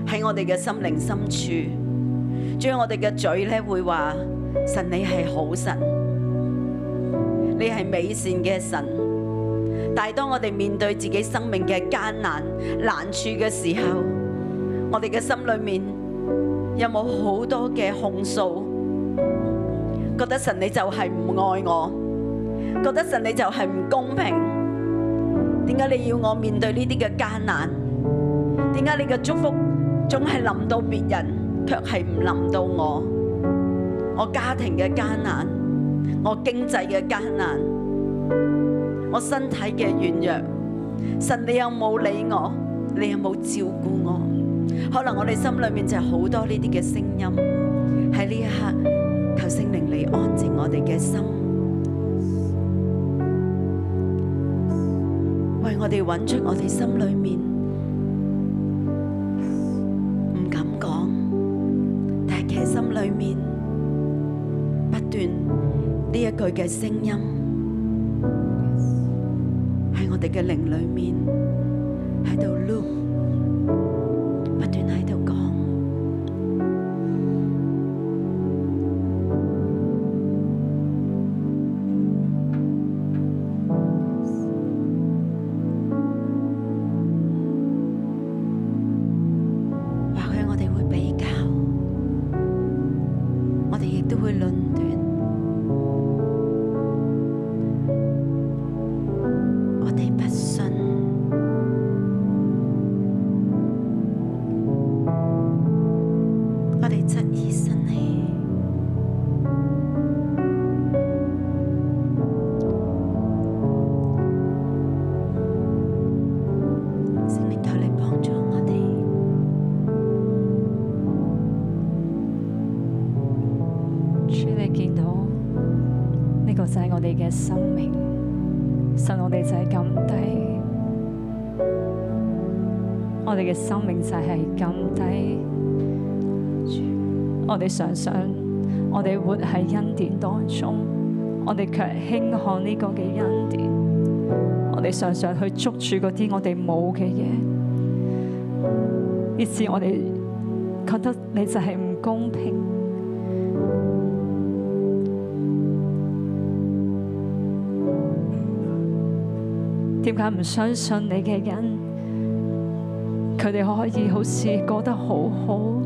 喺我哋嘅心靈深處，將我哋嘅嘴咧會話：神你係好神，你係美善嘅神。但係當我哋面對自己生命嘅艱難難處嘅時候，我哋嘅心裏面有冇好多嘅控訴？覺得神你就係唔愛我，覺得神你就係唔公平。點解你要我面對呢啲嘅艱難？點解你嘅祝福總係臨到別人，卻係唔臨到我？我家庭嘅艱難，我經濟嘅艱難，我身體嘅軟弱，神你有冇理我？你有冇照顧我？可能我哋心裏面就係好多呢啲嘅聲音。喺呢一刻，求聖靈嚟安靜我哋嘅心。為我哋揾出我哋心裏面唔敢講，但係其實心裏面不斷呢一句嘅聲音，喺我哋嘅靈裏面喺度 look。你想想，我哋活喺恩典當中，我哋卻輕看呢個嘅恩典，我哋常常去捉住啲我哋冇嘅嘢，以致我哋覺得你就係唔公平。點解唔相信你嘅人，佢哋可以好似過得好好？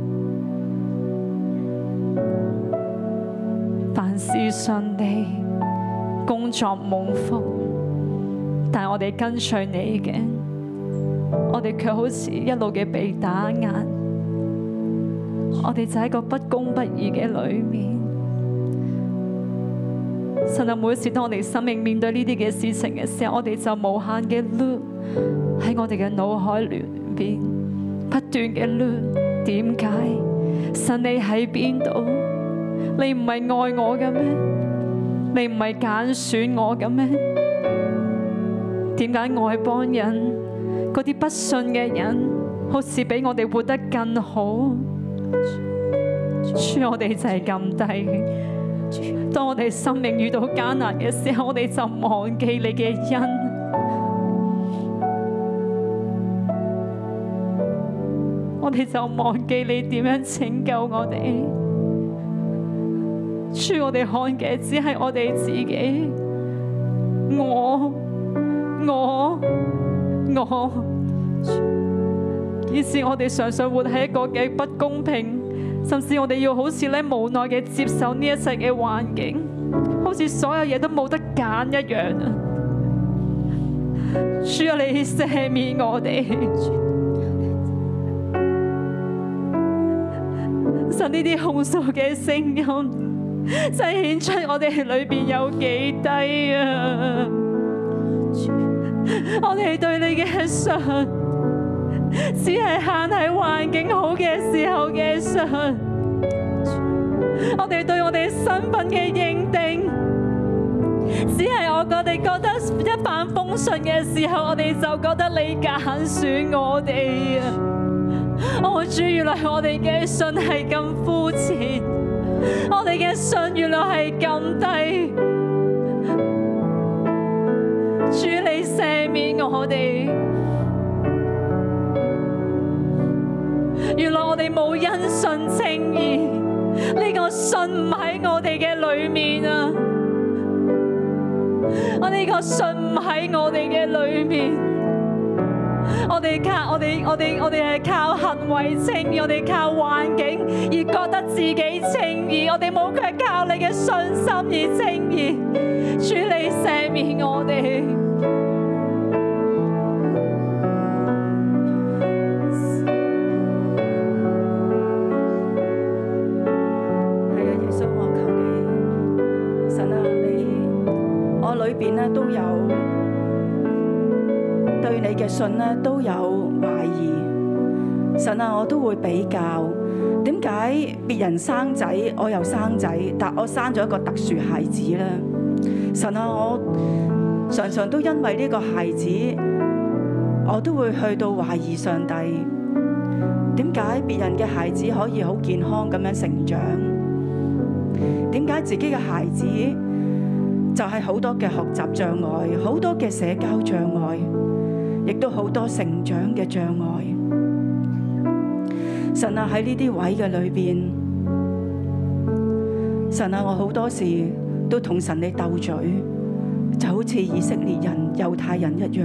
事順利，工作蒙福，但我哋跟隨你嘅，我哋卻好似一路嘅被打壓，我哋就喺個不公不義嘅裏面。神啊，每一次當我哋生命面對呢啲嘅事情嘅時候，我哋就無限嘅碌喺我哋嘅腦海裏邊不斷嘅碌，點解神你喺邊度？你唔係愛我嘅咩？你唔係揀選我嘅咩？點解外邦人嗰啲不信嘅人，好似比我哋活得更好？我哋就係咁低。當我哋生命遇到艱難嘅時候，我哋就忘記你嘅恩，我哋就忘記你點樣拯救我哋。主我哋看嘅只係我哋自己，我、我、我，於是我哋常常活喺一個嘅不公平，甚至我哋要好似咧無奈嘅接受呢一世嘅環境，好似所有嘢都冇得揀一樣啊！主啊，你赦免我哋，受呢啲控訴嘅聲音。就顯出我哋裏邊有幾低啊！我哋對你嘅信，只係限喺環境好嘅時候嘅信；我哋對我哋身份嘅認定，只係我我哋覺得一帆風順嘅時候，我哋就覺得你揀選我哋啊！我主，原來我哋嘅信係咁膚淺。我哋嘅信原來係咁低，主你赦免我哋。原來我哋冇因信稱義，呢個信唔喺我哋嘅裏面啊！我呢個信唔喺我哋嘅裏面。我哋靠我哋我哋我哋係靠行為稱義，我哋靠環境而覺得自己稱義，我哋冇佢係靠你嘅信心而稱義。主你赦免我哋。係、嗯、啊，耶穌，我求，求你神啊，你我裏邊咧都有。對你嘅信咧都有懷疑，神啊，我都會比較，點解別人生仔我又生仔，但我生咗一個特殊孩子咧？神啊，我常常都因為呢個孩子，我都會去到懷疑上帝，點解別人嘅孩子可以好健康咁樣成長？點解自己嘅孩子就係好多嘅學習障礙，好多嘅社交障礙？亦都好多成長嘅障礙，神啊，喺呢啲位嘅裏面，神啊，我好多時都同神你鬥嘴，就好似以色列人、猶太人一樣。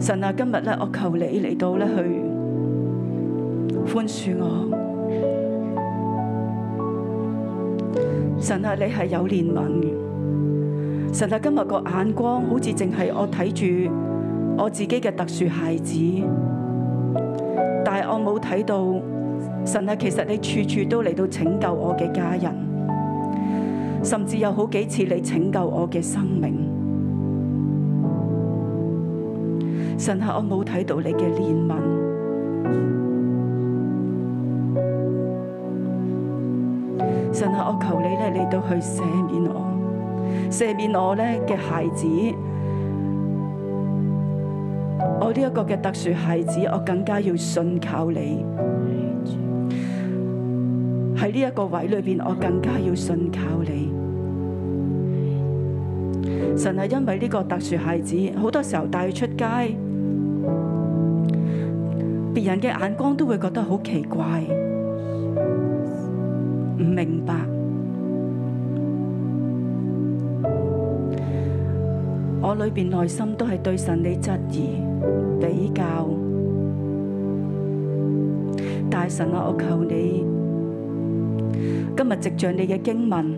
神啊，今日咧，我求你嚟到咧去寬恕我。神啊，你係有憐憫嘅。神啊，今日個眼光好似淨係我睇住我自己嘅特殊孩子，但係我冇睇到神啊，其實你處處都嚟到拯救我嘅家人，甚至有好幾次你拯救我嘅生命。神啊，我冇睇到你嘅憐憫。神啊，我求你嚟到去赦免我。赦免我咧嘅孩子，我呢一個嘅特殊孩子，我更加要信靠你。喺呢一個位置裏邊，我更加要信靠你。神係因為呢個特殊孩子，好多時候帶佢出街，別人嘅眼光都會覺得好奇怪，唔明白。我裏邊內心都係對神你質疑比較大，神啊，我求你今日藉着你嘅經文，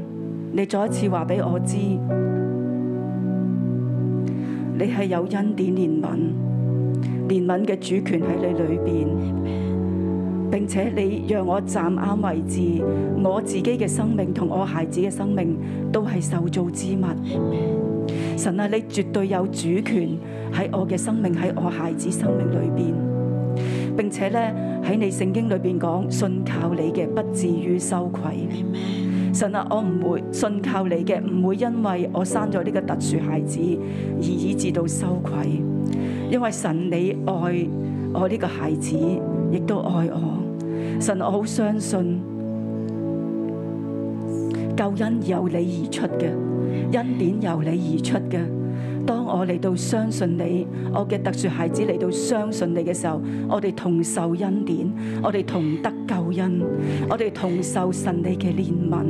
你再一次話俾我知，你係有恩典憐憫，憐憫嘅主權喺你裏邊，並且你讓我站啱位置，我自己嘅生命同我孩子嘅生命都係受造之物。神啊，你絕對有主權喺我嘅生命，喺我孩子生命裏邊，並且呢，喺你聖經裏面講，信靠你嘅不至於羞愧。神啊，我唔會信靠你嘅，唔會因為我生咗呢個特殊孩子而以至到羞愧，因為神你愛我呢個孩子，亦都愛我。神啊，我好相信救恩由你而出嘅。恩典由你而出嘅，當我嚟到相信你，我嘅特殊孩子嚟到相信你嘅時候，我哋同受恩典，我哋同得救恩，我哋同受神你嘅憐憫。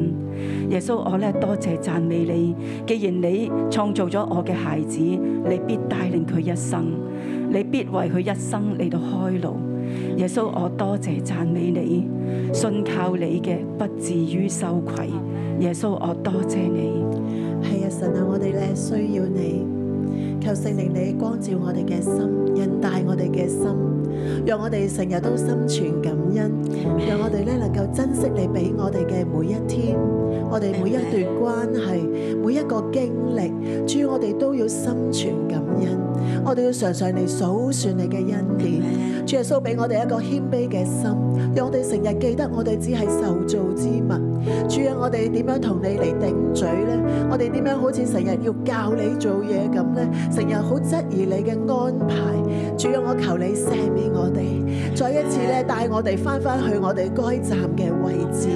耶穌，我呢多謝讚美你。既然你創造咗我嘅孩子，你必帶領佢一生，你必為佢一生嚟到開路。耶穌，我多謝讚美你，信靠你嘅不至於羞愧。耶穌，我多謝你。神啊，我哋咧需要你，求聖靈你光照我哋嘅心，引帶我哋嘅心，讓我哋成日都心存感恩，讓我哋咧能夠珍惜你俾我哋嘅每一天，我哋每一段關係，每一個經歷，主我哋都要心存感恩。我哋要常常嚟數算你嘅恩典，主耶穌俾我哋一個謙卑嘅心，讓我哋成日記得我哋只係受造之物。主啊，我哋點樣同你嚟頂嘴咧？我哋點樣好似成日要教你做嘢咁咧？成日好質疑你嘅安排。主啊，我求你赦免我哋，再一次咧帶我哋翻翻去我哋該站嘅位置，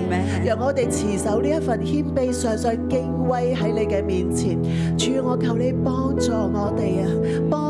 讓我哋持守呢一份謙卑，常常敬畏喺你嘅面前。主啊，我求你幫助我哋啊，幫。